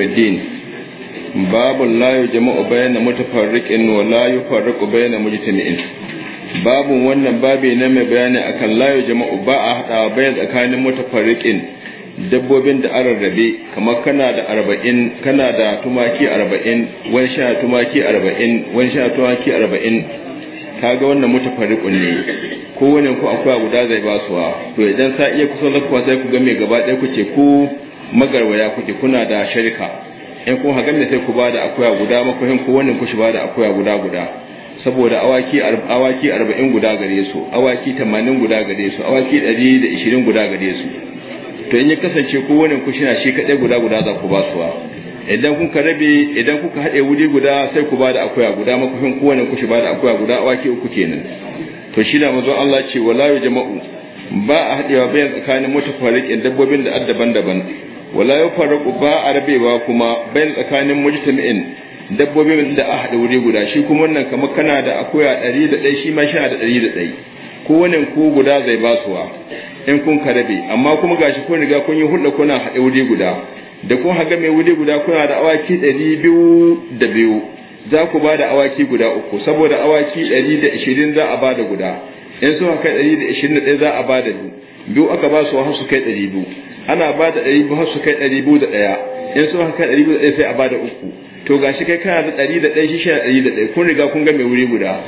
الدين باب لا يجمع بين متفرق ولا يفرق بين مجتمعين باب wannan babi ne mai bayani akan la yujma'u ba a hada bai tsakanin mutafarriqin dabbobin da ararrabe kamar kana da 40 kana da tumaki 40 wani sha tumaki 40 wani sha tumaki 40 kaga wannan mutafarriqun ne kowane ku akwai guda zai basuwa to idan sa iya kusa zakwa sai ku ga mai gaba ɗaya ku ce ku magarwaya kuke kuna da sharika in kun hagan ne sai ku bada akuya guda makuhin ku wannan ku shi bada akuya guda guda saboda awaki awaki 40 guda gare su awaki 80 guda gare su awaki 120 guda gare su to in ya kasance ku wannan ku shina shi kadai guda guda za ku basuwa idan kun ka rabe idan kuka hade wuri guda sai ku bada akuya guda makuhin ku wannan ku shi bada akuya guda awaki uku kenan to shi da manzo Allah ce wala jama'u ba a hadewa bayan tsakanin mutafarriqin dabbobin da addaban daban wala ya faru ba a rabewa kuma bayan tsakanin mujtami'in dabbobin da a haɗa wuri guda shi kuma wannan kamar kana da akuya ɗari da ɗai shi ma shi da ɗari da ɗai kowane ko guda zai ba suwa in kun ka rabe amma kuma gashi kun riga kun yi hulɗa kuna haɗa wuri guda da kun haga mai wuri guda kuna da awaki ɗari biyu da biyu za ku ba da awaki guda uku saboda awaki ɗari da ashirin za a ba da guda in sun haka ɗari da ashirin da ɗaya za a ba da biyu biyu aka ba su wa su kai ɗari biyu ana ba da ɗari biyu su kai ɗari biyu da ɗaya in su kai ɗari biyu da ɗaya sai a ba da uku to ga shi kai kana da ɗari da ɗaya shi shi ɗari da ɗaya kun riga kun ga mai wuri guda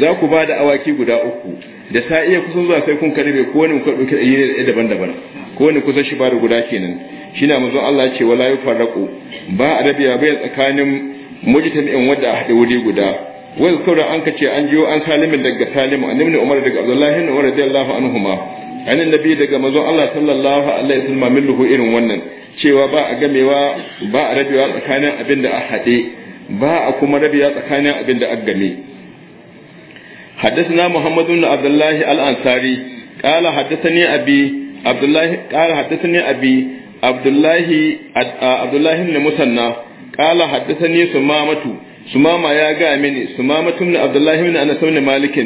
za ku ba da awaki guda uku da ta iya kusan zuwa sai kun karbe ko wani kuka ɗauki ɗari da daban-daban ko wani kusan shi ba da guda kenan shi na mazan Allah ce wala yi farraƙo ba a rabiya bai tsakanin mujtami'in wanda a haɗe wuri guda wai kawai an ce an jiyo an salimin daga salimu annabi umar daga abdullahi ibn umar radiyallahu anhuma an nabi daga mazon Allah sallallahu alaihi wasallam milluhu irin wannan cewa ba a gamewa ba a rabewa tsakanin abin da a haɗe ba a kuma rabewa tsakanin abin da a game حدثنا محمد بن عبد الله الأنصاري قال حدثني أبي عبد الله قال حدثني أبي عبد الله عبد الله بن مسنى قال حدثني سمامة سمامة يا جامني سمامة بن عبد الله بن بن مالك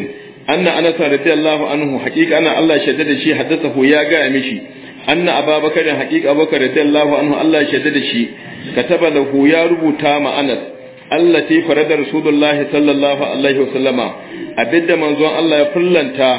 anna anas radiyallahu anhu haqiqa ana Allah shaddada da shi haddathahu ya ga mishi anna ababakar haqiqa abubakar radiyallahu anhu Allah shaddada da shi kataba lahu ya rubuta ma'anar. anas allati da rasulullah sallallahu alaihi wasallama abinda manzon Allah ya fullanta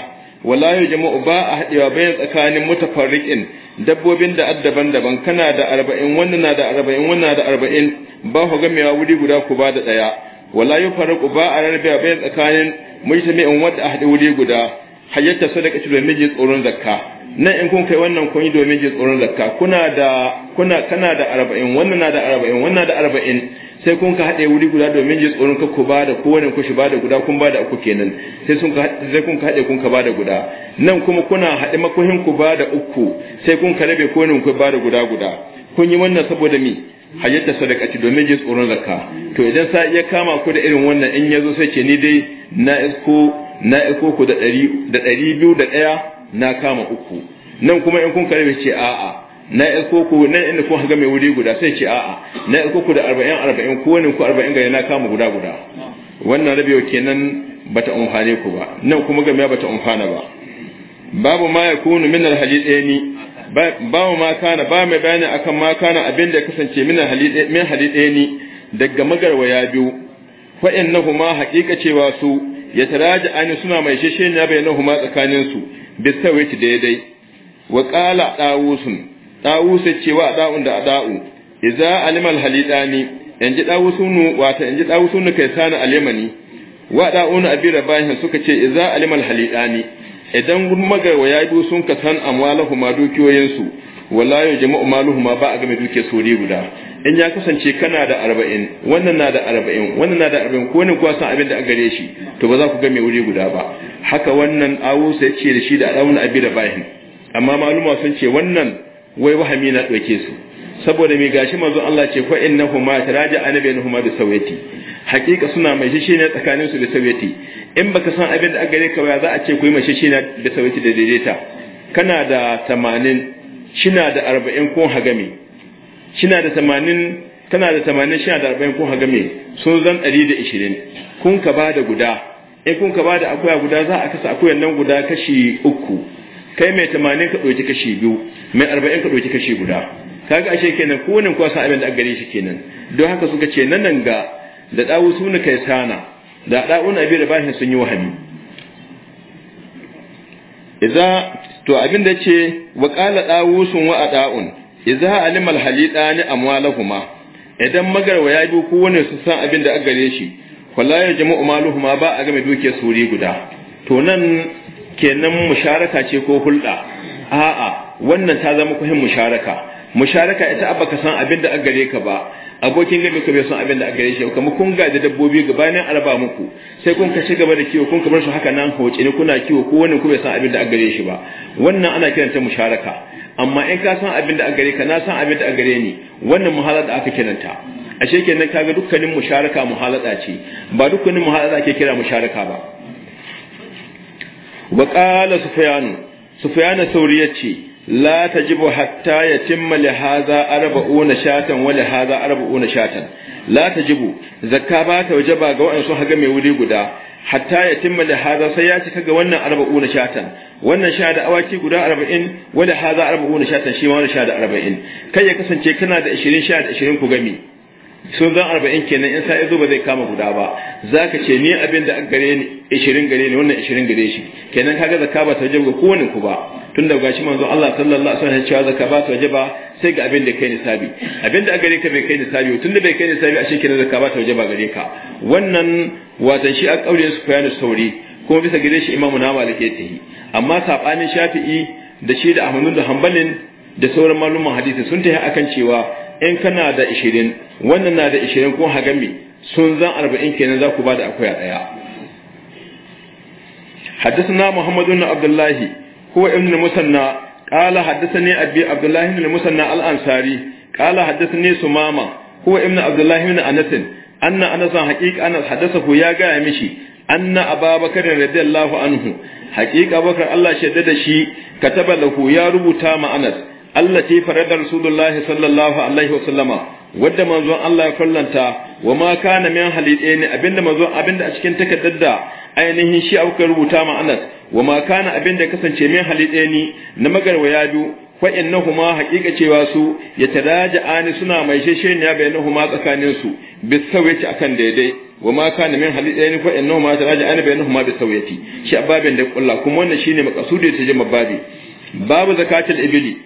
wala yajma'u ba a hadewa bayan tsakanin mutafarriqin dabbobin da addaban daban kana da 40 wannan na da 40 wannan da 40 ba gamewa wuri guda ku da daya wala yufarriqu ba a tsakanin mujtami'in wanda a haɗe wuri guda sadaka ce domin jin tsoron zakka nan in kun kai wannan kun yi domin jin tsoron zakka kuna da kuna kana da 40 wannan na da 40 wannan da 40 sai kun ka haɗe wuri guda domin jin tsoron ka ku ba da kowane ku shi ba da guda kun ba da uku kenan sai sun ka sai kun ka haɗe kun ka ba da guda nan kuma kuna haɗe makuhin ku ba da uku sai kun ka rabe kowane ku ba da guda guda kun yi wannan saboda mi hayyata sadakati domin jin tsoron zakka to idan sa iya kama ku da irin wannan in yazo sai ce ni dai na isko na iko ku da ɗari da ɗari biyu da ɗaya na kama uku nan kuma in kun karbe ce a'a na iko ku nan inda kun haga mai wuri guda sai ce a'a na iko ku da arba'in arba'in ko wani ku arba'in gari na kama guda guda wannan rabewa kenan bata umfane ku ba nan kuma ba bata umfana ba babu ma yakunu min alhadidani Ba mu ma kana ba mai bayani akan ma kana abin da ya kasance min haliɗe ni daga magarwaya biyu fa huma haƙiƙa cewa su ya taraji ani suna mai shishiyar bai bayyana huma tsakanin su bisawaiti daidai wa qala dawusun dawus cewa da'un da da'u idza alimal halidani yanji dawusunu wata yanji dawusunu kai sana alimani wa da'un abi rabahin suka ce idza alimal halidani idan ya biyo sun ka san amwalahu ma dukiyoyinsu wala ya jama'u maluhu ba a game duke sori guda in ya kasance kana da arba'in wannan na da arba'in wannan na da arba'in ko ne kuwa san abin da a gare shi to ba za ku game wuri guda ba haka wannan awusa ya ce da shi da alawun abi da bahin amma maluma sun ce wannan wai wahami na dauke su saboda mai gashi manzo Allah ce fa innahuma taraja anabiyahuma bi sawati hakika suna mai shi ne tsakanin su da sawati in baka san abin da gare ka ba za a ce ku yi mace shi da sauki da daidaita kana da tamanin shina da arba'in ko hagame shina da tamanin kana da tamanin shina da arba'in ko hagame sun zan ɗari da ishirin kun ka ba da guda in kun ka ba da akuya guda za a kasa akuyan nan guda kashi uku kai mai tamanin ka ɗauki kashi biyu mai arba'in ka ɗauki kashi guda kaga ashe kenan kowane kuwa san abin da aka gare shi kenan don haka suka ce nan nan ga da ɗawu suna kai sana da da'un abi da bahin sun yi wahami idza to abin da ce wa qala dawusun wa ɗa'un. idza halidani amwalahuma idan magarwa ya bi ko wani su san abin da aka gare shi wala yajma'u maluhuma ba a game duke suri guda to nan kenan musharaka ce ko hulɗa. a'a wannan ta zama kuhin musharaka musharaka ita abba ka san abin da aka gare ka ba abokin gami ku bai son abin da aka gare shi kuma kun gaji dabbobi gabanin araba muku sai kun kace gaba da kiwo kun kamar su haka nan hoce ne kuna kiwo ko wani ku bai son abin da aka gare shi ba wannan ana kiranta musharaka amma in ka san abin da aka gare ka na san abin da aka gare ni wannan muhalada aka kiranta ashe kenan kaga dukkanin musharaka muhalada ce ba dukkanin muhalada ake kira musharaka ba wa qala sufyan sufyan ce. لا تجب حتى يتم لهذا hadha arba'una shatan wa li لا تجب shatan la tajibu zakka ba ta wajaba ga wa'ansu haga mai wuri guda hatta yatimma li sai ya cika ga wannan shatan wannan sha da awaki guda 40 wa li hadha shatan 40 kai ya kasance kana da 20 sha da 20 ku gami sun zan arba'in kenan in sa zo ba zai kama guda ba za ka ce ni abin da gare ni ishirin gare ni wannan ishirin gare shi kenan kaga zakka ba ta wajen ga kowane ku ba tun da gashi manzo Allah sallallahu alaihi wasallam ce zakka ba ta wajaba sai ga abin da kai sabi abin da a gare ka bai kai sabi tun da bai kai sabi a shi kenan zakka ba ta wajaba gare ka wannan wato shi a kaure su fayar sauri kuma bisa gare shi imamu na malike ta yi amma sabanin shafi'i da shi da ahmadu da hanbalin da sauran malumman hadisi sun tafi akan cewa in kana da 20 wannan na da 20 ko hagami sun zan 40 kenan za ku ba da akwai daya حدثنا محمد بن عبد الله هو ابن المثنى قال حدثني ابي عبد الله بن المثنى الانصاري قال حدثني سمامة هو ابن عبد الله بن أنس أن أنس حقيق أنس حدثه يا جاي مشي ان ابا بكر رضي الله عنه حقيق أبو بكر الله شدد شي كتب له يا ربوتا ما أنس التي فرد رسول الله صلى الله عليه وسلم wadda manzon Allah ya fallanta wa ma kana min halidai ne abinda manzon abinda a cikin takaddar da ainihin shi aka rubuta ma Anas wa ma kana abin da kasance min hali ɗaya ni, na magarwaya biyu fa innahuma haqiqa cewa su ya taraja yataraja'ani suna mai shesheniya bainahuma tsakanin su sauyaci akan daidai wa ma kana min hali ɗaya halidaini fa innahuma yataraja'ani bainahuma sauyaci shi ababin da kulla kuma wannan shine makasudi ta jima babi babu zakatul ibli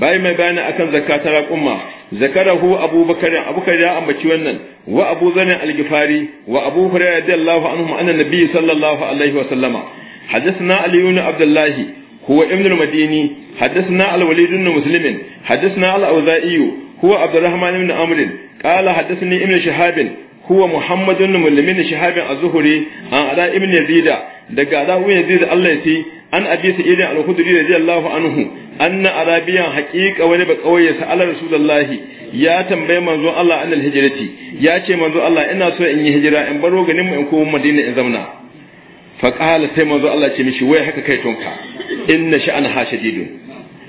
bai mai bayani akan zakatar al'umma zakarahu abubakar abubakar ya ambaci wannan wa abu zanin al-gifari wa abu hurairah radiyallahu anhu anna nabi sallallahu alaihi wa sallama حدثنا علي بن عبد الله هو ابن المديني حدثنا الوليد بن مسلم حدثنا الأوزائي هو عبد الرحمن بن عمرو قال حدثني ابن شهاب هو محمد بن مسلم شهاب الزهري عن علاء بن يزيد دغ علاء بن يزيد الله يسي an abi sa'id al-khudri radiyallahu anhu anna arabiyan haqiqa wani ba kauye sa'ala rasulullahi ya tambayi manzon Allah annal hijrati ya ce manzo Allah ina so in yi hijira in baro ganin mu in komo madina in zauna faƙala sai manzo Allah ce mishi wai haka kai tonka inna sha'an ha shadidun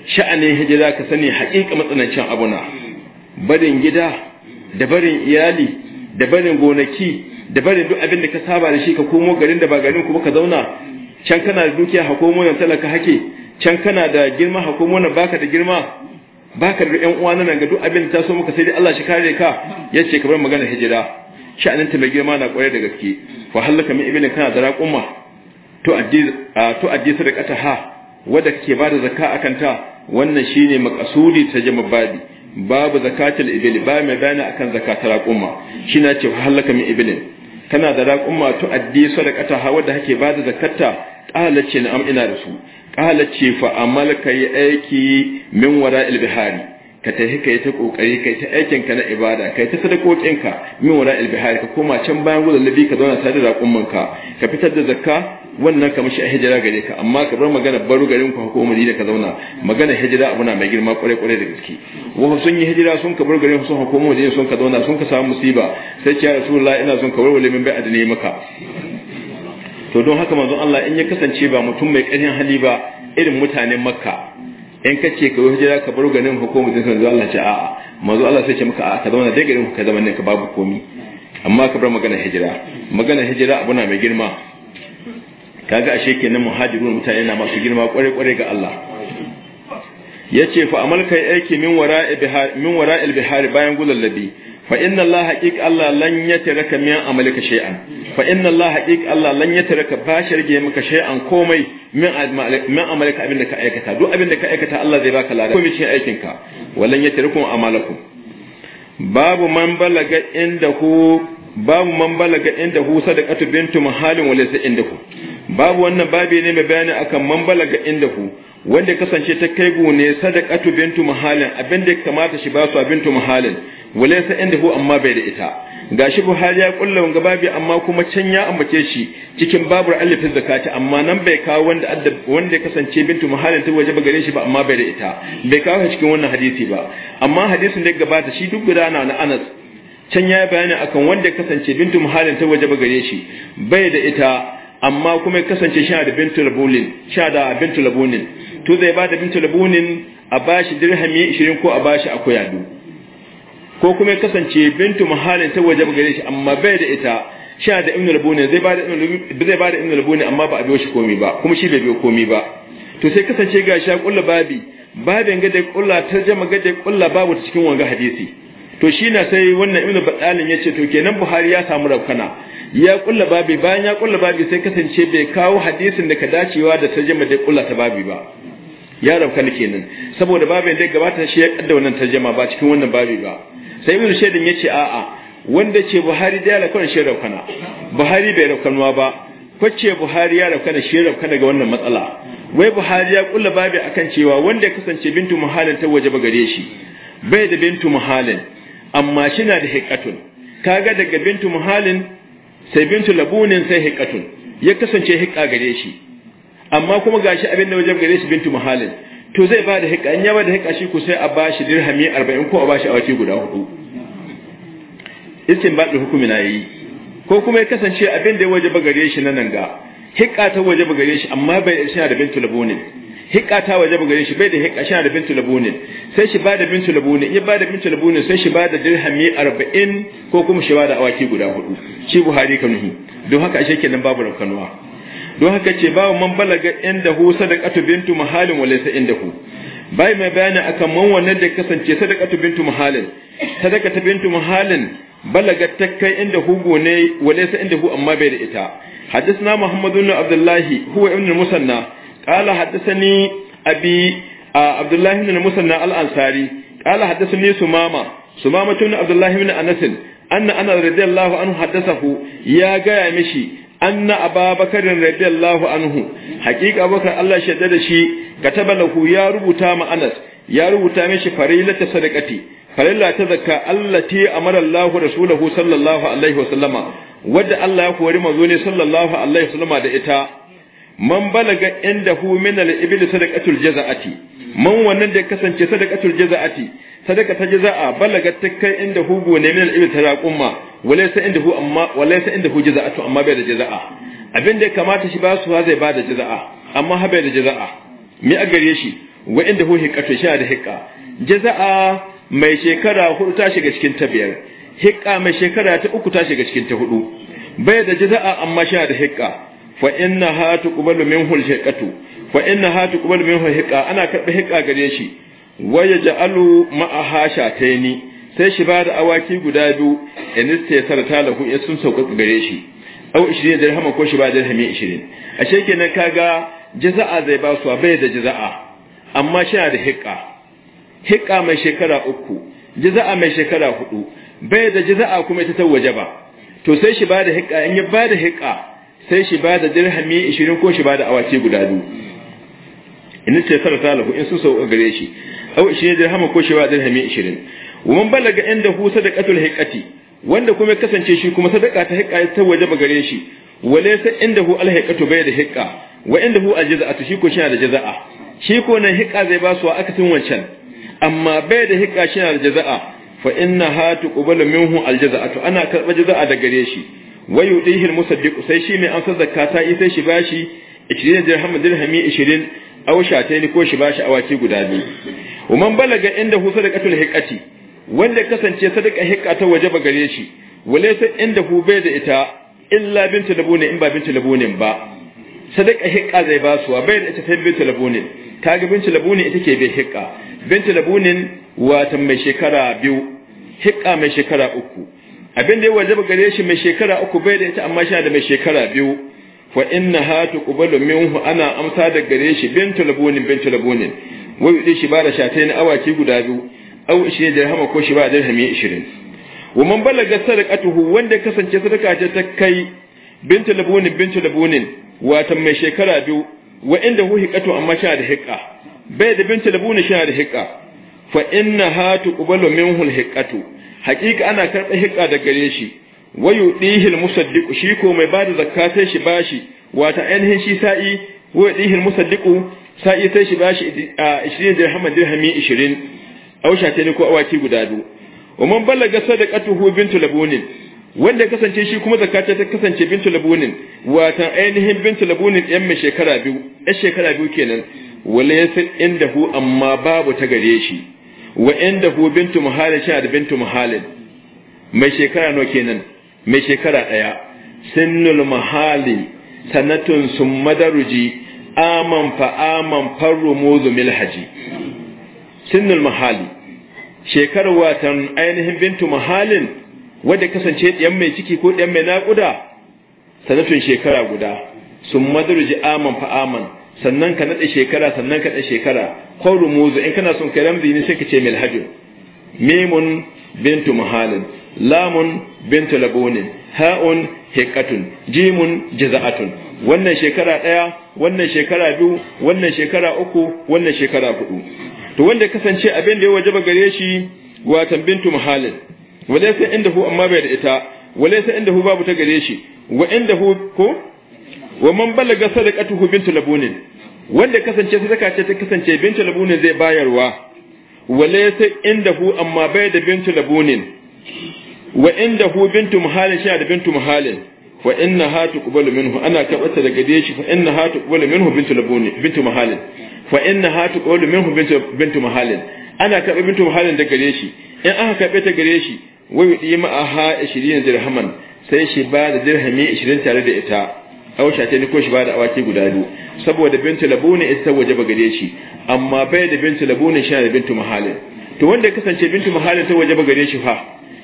sha'anin hiji za ka sani haƙiƙa matsanancin abuna barin gida da barin iyali da barin gonaki da barin duk abin da ka saba da shi ka komo garin da ba garin kuma ka zauna can kana da dukiya komo nan talaka hake can kana da girma komo nan baka da girma baka da ƴan uwa nan ga duk abin da ta so maka sai dai Allah shi kare ka yace ka bar magana hijira sha'anin ta mai girma na ƙware da gaske fa halaka min ibn kana da raƙumma tu'addi ha wadda kake bada zakka akan ta wannan shine maqasudi ta jama babi babu zakatul ibil ba mai bayani akan zakatar raqumma shine ce halaka min ibilin kana da raqumma tu'addi ha wadda kake bada zakatta qala ce am ina da su qala ce fa amalka yi aiki min wara'il bihari ka tafi ka yi ta kokari ka yi ta aikin ka na ibada ka yi ta sadakokin ka min wala albihar ka koma can bayan gudun labi ka zauna tare da raƙumman ka ka fitar da zakka wannan ka mishi a hijira gare ka amma ka bar magana baro garin ku ko da ka zauna magana hijira abu na mai girma kware kware da gaske wa sun yi hijira sun ka bar garin sun ko da sun ka zauna sun ka samu musiba sai ya rasulullahi ina son ka warware min bai'a da ne maka to don haka manzon Allah in ya kasance ba mutum mai ƙarfin hali ba irin mutanen makka in ka ce ka hijira ka bar ganin hukumar da manzo Allah ce a'a manzo Allah sai ce maka a'a ka zauna dai garin ka ne ka babu komi amma ka bar magana hijira magana hijira abu na mai girma kaga ashe kenan muhajirun mutane na masu girma kware kware ga Allah yace fa amalkai aiki min bihar min wara'il bihar bayan gulallabi fa inna Allah haqiq Allah lan yatraka min amalika shay'an fa inna Allah haqiq Allah lan yatraka ba shi rage maka shay'an komai min min amalika abinda ka aikata duk abinda ka aikata Allah zai baka lada komai cikin aikin ka walan yatrakum amalakum babu man balaga inda ku babu man balaga inda hu sadaqatu bintu mahalin laysa indahu babu wannan babi ne mai bayani akan man balaga inda hu wanda kasance ta kai ne sadaqatu bintu mahalin abinda ya kamata shi basu su bintu mahalin laysa indahu amma bai da ita gashi Buhari ya kulla wanga babi amma kuma can ya ambace shi cikin babur alifin zakati amma nan bai kawo wanda wanda kasance bintu mahalin ta waje gare shi ba amma bai da ita bai kawo cikin wannan hadisi ba amma hadisin da gabata shi duk gudana na Anas can ya bayani akan wanda kasance bintu muhalin ta waje gare shi bai da ita amma kuma kasance sha da bintu labunin sha da bintu labunin to zai ba da bintu labunin a bashi dirhami 20 ko a bashi akwai adu ko kuma kasance bintu muhalin ta waje gare shi amma bai da ita sha da ibnu labunin zai ba da ibnu zai ibnu labunin amma ba a biyo shi komai ba kuma shi bai biyo komai ba to sai kasance ga sha kullu babi babin ga da ta tarjama ga da kullu babu cikin wanga hadisi to shi na sai wannan ibnu badalin yace to kenan buhari ya samu rabkana ya kulla babi bayan ya kulla babi sai kasance bai kawo hadisin da ka dacewa da tarjuma da kulla ta babi ba ya rabkana kenan saboda babin da gabata shi ya kadda wannan tarjuma ba cikin wannan babi ba sai ibnu shaidin yace a'a wanda ce buhari da ya rabkana shi rabkana buhari bai rabkanuwa ba kwace buhari ya rabkana shi rabkana ga wannan matsala wai buhari ya kulla babi akan cewa wanda ya kasance bintu muhalin ta waje ba gare shi bai da bintu muhalin amma shi na da hiqatun kaga daga bintu muhalin sai bintu labunin sai hiqatun ya kasance hiqa gare shi amma kuma gashi abin da wajen gare shi bintu muhalin to zai ba da hiqa in ya ba da hiqa shi ku sai a bashi dirhami 40 ko a bashi awaki guda hudu istinbat da hukumi na yi ko kuma ya kasance abin da ya waje gare shi na nan ga hiqa ta waje gare shi amma bai shi da bintu labunin Hikata waje bugare shi bai da hika shi da bintu labunin sai shi bada bintu labunin ya bada bintu labunin sai shi bada dirhami 40 ko kuma shi bada awaki guda hudu shi buhari kanuhu don haka ashe kenan babu kanuwa don haka ce babu man balaga inda hu sadaqatu bintu mahalin walaysa inda hu bai mai bayani akan man wannan da kasance sadaqatu bintu mahalin sadaqatu bintu mahalin balaga takkai inda hu gone walaysa inda hu amma bai da ita حدثنا محمد بن عبد الله هو ابن المثنى a haddathani abi abdullahi ibn musanna al-ansari qala haddathani sumama sumama ibn abdullahi ibn anas anna ana radiyallahu anhu haddathahu ya gaya mishi anna ababakarin radiyallahu anhu haqiqa abubakar Allah shaida da shi kataba lahu ya rubuta ma ya rubuta mishi farilata sadaqati farilla ta zakka allati amara Allah rasulahu sallallahu alaihi wasallama wadda Allah ya kori manzo ne sallallahu alaihi wasallama da ita man balaga inda hu min al-ibil sadaqatul jaza'ati man wannan da kasance sadaqatul jaza'ati sadaka ta jaza'a balaga ta kai inda hu gone min al-ibil taraqumma walaysa hu amma walaysa hu jaza'atu amma bai da jaza'a abin da ya kamata shi ba su zai ba da jaza'a amma ha bai da jaza'a me a gare shi wa inda indahu hiqatu sha da hiqqa jaza'a mai shekara hudu ta shiga cikin ta biyar hiqqa mai shekara ta uku ta shiga cikin ta hudu bai da jaza'a amma sha da hiqqa fa inna ha tuqbalu minhu al-hiqatu fa inna ha tuqbalu minhu hiqa ana karɓi hiqa gare shi wa yaj'alu ma'aha taini. sai shi ba da awaki guda biyu in istaysara talahu in sun sauka gare shi aw 20 dirhama ko shi ba dirhami 20 ashe kenan kaga jaza'a zai ba su bai da jaza'a amma shi da hiqa hiqa mai shekara uku jaza'a mai shekara hudu bai da jaza'a kuma ita ta ba. to sai shi bada hiqa in ya bada hiqa sai shi ba da dirhami ishirin ko shi ba da awaki guda biyu in ce sarata lahu in sun sauka gare shi aw dirhama ko shi ba dirhami 20 ومن بلغ عنده صدقة الهقة wanda kuma kasance shi kuma sadaka ta hiƙa ta waje gare shi wale sai inda hu alhiqatu bai da hiƙa wa inda hu aljaza'atu shi ko shina da jaza'a shi ko nan hiƙa zai ba su a akatin wancan amma bai da hiƙa shina da jaza'a fa inna ha ana karɓa jaza'a da gare shi wayu dihil musaddiq sai shi mai amsa zakka ta yi sai shi bashi 20 dirham dirhami 20 aw shataini ko shi bashi awaki guda biyu umman balaga inda hu sadaqatul hiqati wanda kasance sadaqa hiqqa ta wajaba gare shi sai inda hu bai da ita illa bintu labune in ba bintu labune ba sadaka hiqqa zai basuwa bai da ita sai bintu labune kaga bintu labune ita ke bai hiqqa bintu labune ta mai shekara biyu hiqqa mai shekara uku abin da ya wajaba gare shi mai shekara uku bai da ita amma shi da mai shekara biyu fa inna ha tuqbalu minhu ana amsa da gare shi bintu labunin bintu labunin Wai yudi shi ba da shatai na awaki guda biyu au shi da dirhama ko shi ba dirhami 20 wa man balaga sadaqatuhu wanda kasance sadaka ce ta kai bintu labunin bintu labunin wato mai shekara biyu wa inda hu hiqatu amma shi da hiqa bai da bintu labunin shi da hiqa fa inna ha tuqbalu minhu al hiqatu haƙiƙa ana karɓar hiƙa da gare shi wayu dihil musaddiqu shi ko mai bada sai shi bashi wata ainihin shi sa'i wayu dihil musaddiqu sa'i sai shi bashi 20 dirhaman dirhami 20 ausha ta ne ko awaki guda biyu umman balaga sadaqatuhu bintu labunin wanda kasance shi kuma zakka ta kasance bintu labunin wata ainihin bintu labunin yan mai shekara biyu yan shekara biyu kenan wala yasin indahu amma babu ta gare shi wa inda hu bintu muhalin shi da bintu muhalin mai shekara no kenan mai shekara ɗaya sinnul muhali sanatun sun madaruji aman fa aman farro mozu milhaji sinnul muhali shekarar watan ainihin bintu muhalin wadda kasance ɗiyan mai ciki ko ɗiyan mai naƙuda sanatun shekara guda sun madaruji aman fa aman sannan ka nade shekara sannan ka nade shekara qawlu muzu in kana son kalam bi ne sai ka ce milhajun mimun bintu muhalin lamun bintu labunin ha'un hikatun jimun jaza'atun wannan shekara daya wannan shekara biyu wannan shekara uku wannan shekara hudu to wanda kasance abin da ya wajaba gare shi watan bintu muhalin walaysa indahu amma bai da ita walaysa indahu babu ta gare shi wa indahu ko wa man balaga sadaqatuhu bintu labunin wanda kasance sadaka ce ta kasance bintu labunin zai bayarwa wala sai inda hu amma bai da bintu labunin wa indahu hu bintu muhalin shi da bintu muhalin wa inna ha tuqbalu minhu ana kabata daga dai shi fa inna ha tuqbalu minhu bintu labunin bint muhalin fa inna ha tuqbalu minhu bintu bint muhalin ana kabe bintu muhalin daga gare shi in aka kabe ta gare shi wai yi ma'a ha 20 dirhaman sai shi ba da dirhami 20 tare da ita ce ni ko shi ba da awaki guda biyu saboda bintu labuni waje ba gare shi amma bai da bintu labuni shi da bintu mahalin to wanda ya kasance bintu mahalin ta waje ba gare shi fa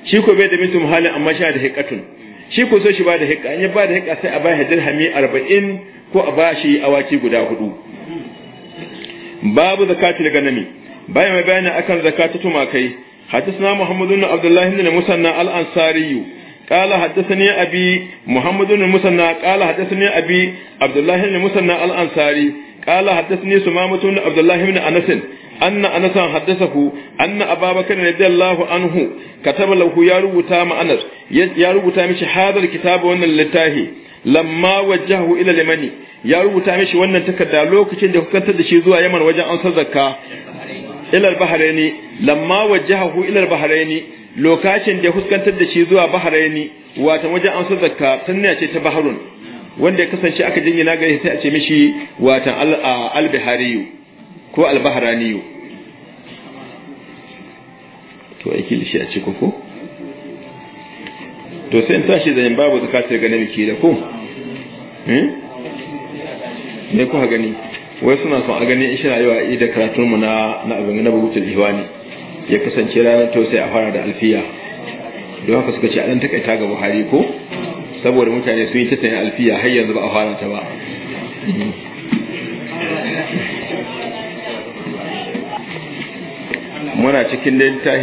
shi ko bai da bintu mahalin amma shi da hiqatun shi ko so shi ba da hiqa an ya ba da hiqa sai a bai dirhami 40 ko a ba shi awaki guda hudu babu zakatul ganami bayan mai bayani akan zakatu tumakai حدثنا محمد بن عبد الله بن مسنى الأنصاري قال حدثني أبي محمد بن مسنى قال حدثني أبي عبد الله بن مسنى الأنصاري قال حدثني سمامة بن عبد الله بن أنس أن أنس حدثه أن أبا بكر رضي الله عنه كتب له يا ربوتا ما أنس يا ربوتا مش هذا الكتاب وأن للتاهي lamma wajjahu ila limani ya rubuta mishi wannan takarda lokacin da kukantar da shi zuwa yaman wajen ansar zakka ila al-bahraini lamma wajjahu ila al-bahraini lokacin da huskantar da shi zuwa baharaini wata wajen an su zakka sunna ce ta baharun wanda ya kasance aka na gare sai a ce mishi watan al-bihariyu ko al-bahraniyu to aiki da shi a ce koko to sai in tashi zanen babu zakatar ganin miki da ko ne hmm? kuka gani wai suna son a gani in shi rayuwa idan karatunmu na abin na bugutul ihwani ya kasance ranar tausayi a fara da alfiya don haka suka ce a ɗan takaita ga buhari ko saboda mutane sun yi ta sayan alfiya har yanzu ba a fara ta ba muna cikin littafin